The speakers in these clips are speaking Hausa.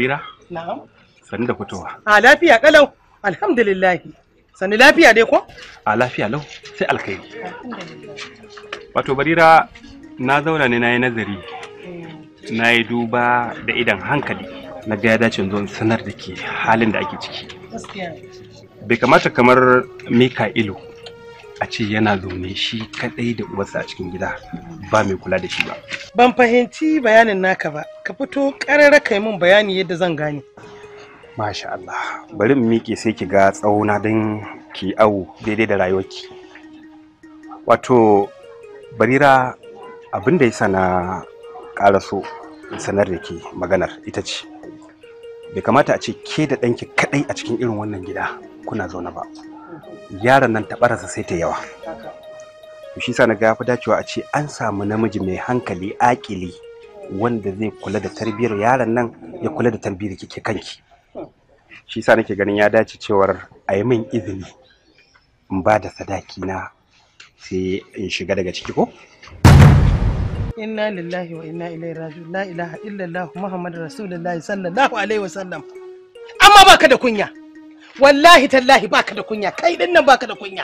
Barira? Na'am. Sani da fitowa. A lafiya kalau. Alhamdulillah. Sani lafiya dai ko? A lafiya lau sai alkhairi. Wato Barira na zauna ne na yi nazari. Eh. Na yi duba da idan hankali. Na ga ya dace zuwa sanar da ke halin da ake ciki. Bai kamata kamar ilu a ce yana zaune shi kadai da uwarsa a cikin gida ba mai kula da shi ba. Ban fahimci bayanin naka ba, ka fito karara kai min bayani yadda zan gane. Masha Allah, bari mu miƙe sai ki ga tsawona don ki awo daidai da rayuwarki. Wato, barira abin da ya na ƙara so sanar da ke maganar ita ce. Bai kamata a ce ke da ɗanki kaɗai a cikin irin wannan gida kuna zauna ba. yaron nan tabararsa sai ta yawa shi sa na ga fi dacewa a ce an samu namiji mai hankali akili wanda zai kula da tarbiyyar yaron nan ya kula da tarbiyyar kike kanki shi sa nake ganin ya dace cewar a yi min izini in ba da sadaki na sai in shiga daga ciki ko inna lillahi wa inna ilaihi raji'un la ilaha illallah muhammadur rasulullahi sallallahu alaihi wasallam amma baka da kunya wallahi tallahi baka da kunya kai din nan baka da kunya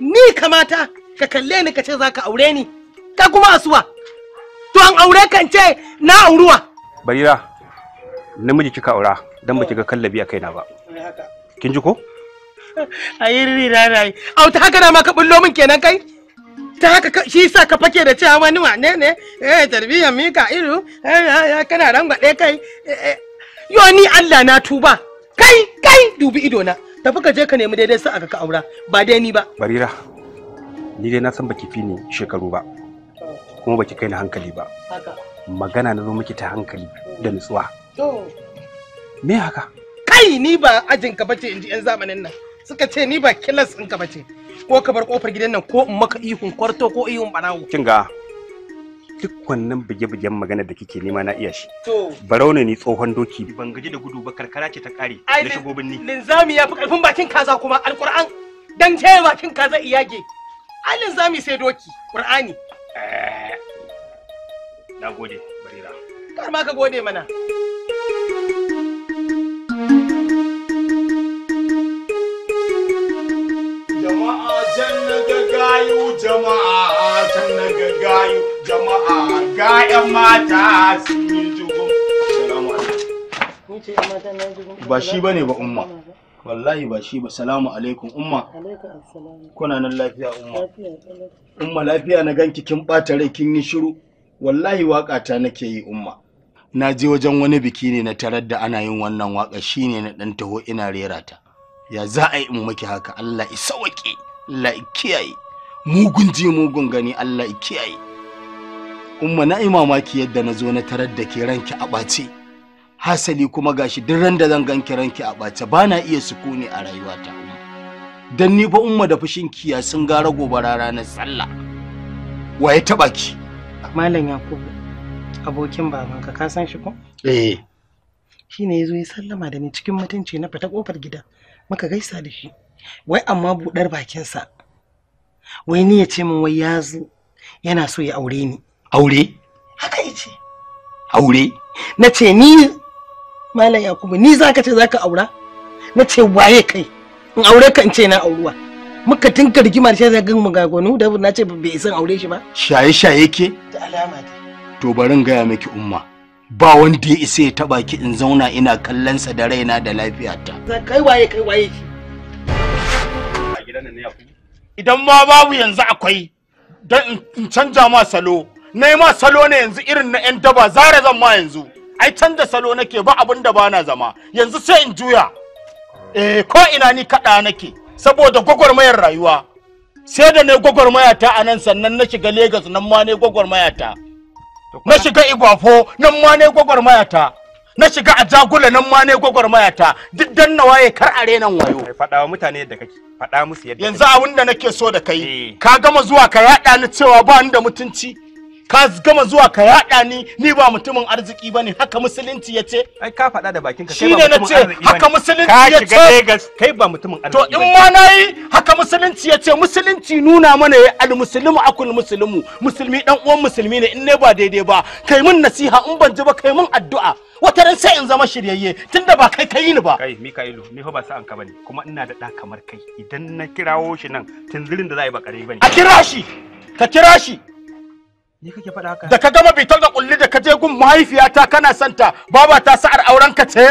ni kamata ka kalle ni ka ce zaka aure ni ka kuma asuwa to an aure kan ce na auruwa barira namiji kika aura dan baki ga kallabi a kaina ba kin ji ko ayi na rai au ta haka na ma ka bullo min kenan kai ta haka shi sa ka fake da cewa wani wane ne eh tarbiyyar mika iru eh, kana rangwade kai eh, eh. yo ni Allah na tuba kai kai dubi ido na tafi ka je ka nemi daidai sa aka ka aura ba dai ni ba barira ni dai na san baki fi ni shekaru ba kuma baki kai ni hankali ba magana na zo miki ta hankali da nutsuwa me haka kai ni ba ajin ka bace inji yan zamanin nan suka ce ni ba kilas in ka bace ko ka bar kofar gidan nan ko in maka ihun kwarto ko ihun barawo kinga duk wannan buge-bugen magana da kike nema na iya shi. Barau ne ni tsohon doki. Ban gaji da gudu ba karkara ce ta kare na shigo binni. Linzami ya fi karfin bakin kaza kuma alkur'an dan jaya bakin kaza iyage. Ai linzami sai doki Qur'ani. Eh. Na gode Barira. Kar ma ka gode mana. ga 'yan mata ba shi ba ne ba umma wallahi ba shi ba salamu alaikum umma kuna nan lafiya umma umma lafiya na ganki kin ɓata rai kin yi shiru wallahi waƙa ta nake yi umma na je wajen wani biki ne na tarar da ana yin wannan waƙa shine na ɗan taho ina rera ta ya za a yi in maki haka allah i sawaƙe allah kiyaye mugun je mugun gani allah kiyaye umma na mamaki yadda na zo na tarar da ke ranki a ɓace hasali kuma gashi duk ran da zan ganki ranki a ɓace ba na iya sukuni a rayuwata dan ni fa umma da fushin kiya sun gara gobara ranar sallah waye taɓa ki malam yakubu abokin babanka ka san shi ko eh shine yazo ya sallama da ni cikin mutunci na fita kofar gida muka gaisa da shi wai amma buɗar bakinsa wai ni ya ce min wai ya zo yana so ya aure ni aure haka yace aure na ce ni malam yakubu ni zaka ce zaka aura na ce waye kai in aure ka in ce na auruwa muka tinka rigima da shi zan magagonu gagonu da na ce bai san aure shi ba shaye shaye ke da alama ta to barin gaya miki umma ba wanda ya isa ya taba ki in zauna ina kallon sa da raina da lafiyata kai waye kai waye ki a ne yakubu idan ma babu yanzu akwai don in canja ma salo na yi ma salo ne yanzu irin na 'yan daba zara zan ma yanzu ai canza salo nake ba abin da bana zama yanzu sai in juya eh ko ina ni kaɗa nake saboda gwagwarmayar rayuwa sai da ne gwagwarmayata a nan sannan na shiga Legas nan ma ne gwagwarmayata na shiga Igwafo nan ma ne gwagwarmayata na shiga a jagula nan ma ne gwagwarmayata duk dan na waye kar a nan wayo faɗa wa mutane yadda kake faɗa musu yadda yanzu abin da nake so da kai eh. ka gama zuwa ka yaɗa ni cewa ba ni da mutunci ka gama zuwa ka yaɗa ni ni ba mutumin arziki bane haka musulunci ya ce ai ka faɗa da bakin ka shine na ce haka musulunci ya ce shiga Lagos kai ba mutumin arziki to in ma nayi haka musulunci ya ce musulunci nuna mana ya almuslimu akul muslimu musulmi dan uwan musulmi ne in ne ba daidai ba kai mun nasiha in ban ji ba kai mun addu'a wata ran sai in zama shiryayye tunda ba kai kai ni ba kai Mika'ilu ni fa ba sa'an ka bane kuma ina da da kamar kai idan na kirawo shi nan tunzirin da za a yi ba kare bane a kira shi ka kira shi Da ka gama bitar da kulli da ka je gun mahaifiyata kana santa baba ta sa'ar auren ka ce?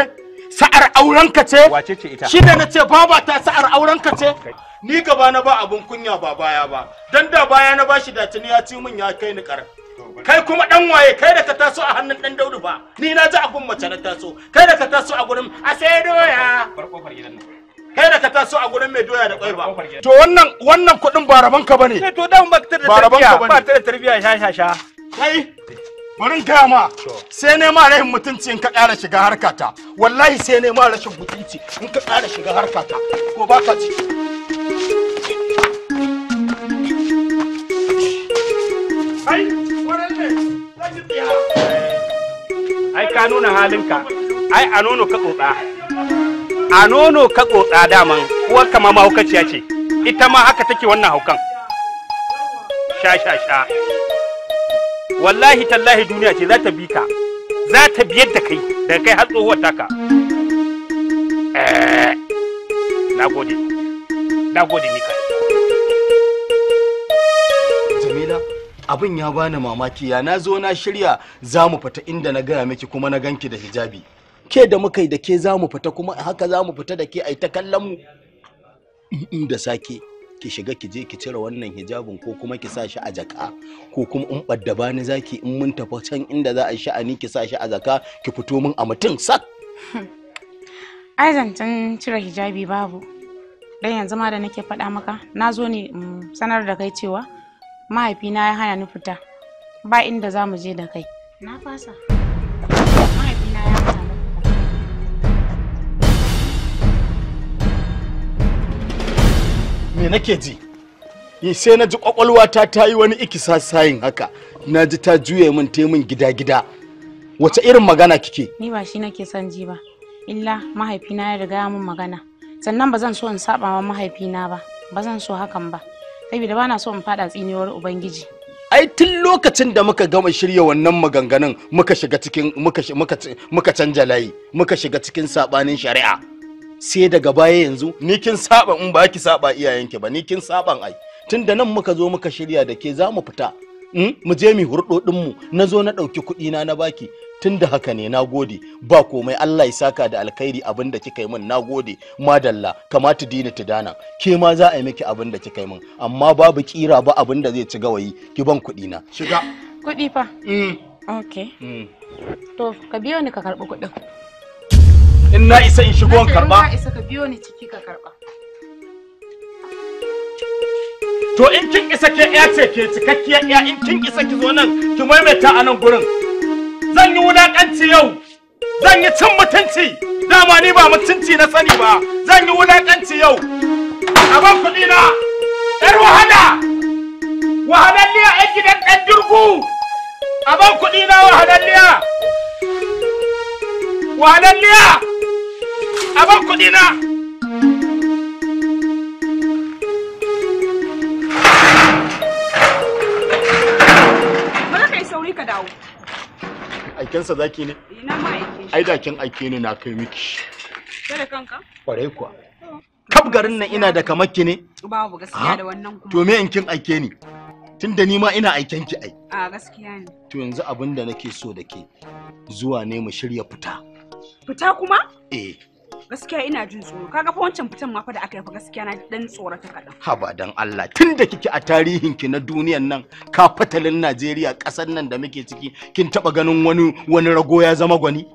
Sa'ar auren ka ce? Wace ce ita? Shi da na ce baba ta sa'ar auren ka ce? Ni gaba na ba abun kunya ba baya ba. Dan da baya na bashi da tuni ya ci min ya kai ni kar. Kai kuma dan waye kai da ka taso a hannun dan Daudu ba. Ni na ji abun mace na taso. Kai da ka taso a gurin a sai doya. Bar kofar nan. kai da ka taso a gurin mai doya da kwai ba to wannan wannan kuɗin ba raban eh, ka bane to dan ba ta da tarbiya ba ta da tarbiya sha sha sha kai bari gaya ma sai ne ma rahin mutunci in ka ƙara shiga harkata wallahi sai ne ma rashin mutunci in ka ƙara shiga harkata ko ba ka ci ai ai ka nuna halinka ai a nono ka tsotsa a nono ka tsotsa daman uwar kama mahaukaciya ce ita ma haka take wannan haukan sha sha sha wallahi tallahi duniya ce za ta bi ka za ta biyar da kai daga kai har tsohuwar taka eh, na gode na gode jamila abin ya bani mamaki ya na zo na shirya za mu fita inda na gaya miki kuma na ganki da hijabi ke da muka yi da ke za mu fita kuma haka za mu fita da ke ai ta kallon mu da sake ki shiga ki je ki cire wannan hijabin ko kuma ki sa shi a jaka ko kuma in badda bani zaki in mun tafi can inda za a sha'ani ki sa shi a jaka ki fito min a mutum sak ai zancen cire hijabi babu dan yanzu ma da nake faɗa maka na zo ne sanar da kai cewa mahaifina ya hana ni fita ba inda zamu je da kai na fasa nake ji sai na ji kwakwalwata ta yi wani ikisa haka na ji ta juya min ta min gida gida wace irin magana kike ni ba shi nake son ji ba illa mahaifina ya riga min magana sannan ba zan so in saba wa mahaifina ba ba zan so hakan ba saboda bana so in fada tsinewar ubangiji ai tun lokacin da muka gama shirya wannan maganganun muka shiga cikin muka muka canja layi muka shiga cikin sabanin shari'a sai daga baya yanzu ni kin saba in ba ki saba iyayenki ba ni kin saban ai tun da nan muka zo muka shirya da ke za mu fita hmm? mu je mu ɗin mu na zo na ɗauki kuɗi na na baki tun da haka ne na gode ba komai Allah ya saka da alkhairi abin da kika yi min na gode madalla kamata dina dana ke ma za a yi miki abin da kika yi min amma babu kira ba abin da zai ci gawayi ki ban kuɗi na shiga kuɗi fa mm. okay hmm. to ka biyo ni ka karɓi kuɗin in na isa in shigo in karba in isa ka biyo ni ciki ka karba to in kin isa ke ya ce ke cikakkiyar ya in kin isa ki zo nan ki maimaita a nan gurin zan yi wulakanci yau zan yi cin mutunci dama ni ba mutunci na sani ba zan yi wulakanci yau a ban kuɗi na yar wahala wahalalliya yan gidan ɗan durgu a ban kuɗi na wahalalliya wahalalliya a ban kuɗi na bari kai sauri ka dawo aikensa zaki ne ina ma aike ai kin aike ni na kai miki da kanka kwarai kuwa kaf garin nan ina da kamar ne babu gaskiya ah, da wannan kuma to me in kin aike ni tunda ni ma ina aiken ki ai a gaskiya ne to yanzu abin da nake so da ke zuwa ne mu shirya fita fita kuma eh gaskiya ina jin tsoro kaga fa wancan fitan ma fa da aka yi fa gaskiya na dan ta kaɗan haba dan Allah tun da kike a tarihin ki na duniyan nan ka fatalin Najeriya ƙasar nan da muke ciki kin taba ganin wani wani rago ya zama gwani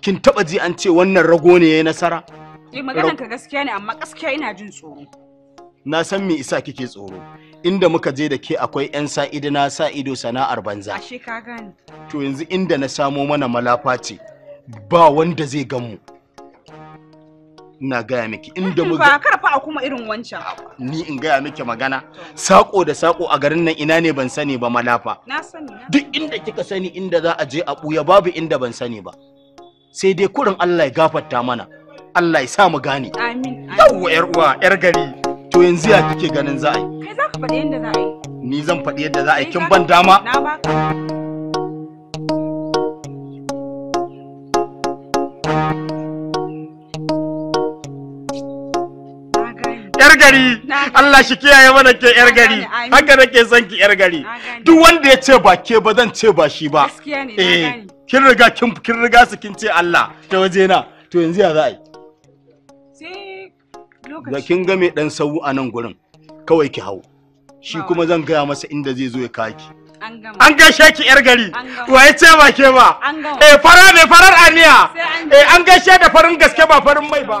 kin taba ji an ce wannan rago ne yayi nasara eh maganar ka gaskiya ne amma gaskiya ina jin tsoro na san me isa kike tsoro inda muka je da ke akwai 'yan sa'idu na sa ido sana'ar banza. Ashe ka gane. To yanzu inda na samo mana malafa ce ba wanda zai gan ina gaya miki inda mu ba karfa a kuma irin wancan ni in gaya miki magana sako da sako a garin nan ina ne ban sani ba malafa na sani duk inda kika sani inda za a je a buya babu inda ban sani ba sai dai kurin Allah ya gafarta mana Allah ya sa mu gane amin yawa yar uwa yar gari to yanzu ya kike ganin za a yi kai za ka faɗi yadda za a yi ni zan faɗi yadda za a yi kin ban dama na baka gari Allah shi kiyaye mana ke yar gari haka nake son ki yar gari duk wanda ya ce ba ke ba zan ce ba shi ba eh kin riga kin kin riga su kin ce Allah ta waje na to yanzu ya za a yi da kin ga mai dan sawu a nan gurin kawai ki hau shi kuma zan gaya masa inda zai zo ya kaki an gaishe ki yar gari wa ya ce ba ke ba eh fara ne farar aniya eh an gaishe da farin gaske ba farin mai ba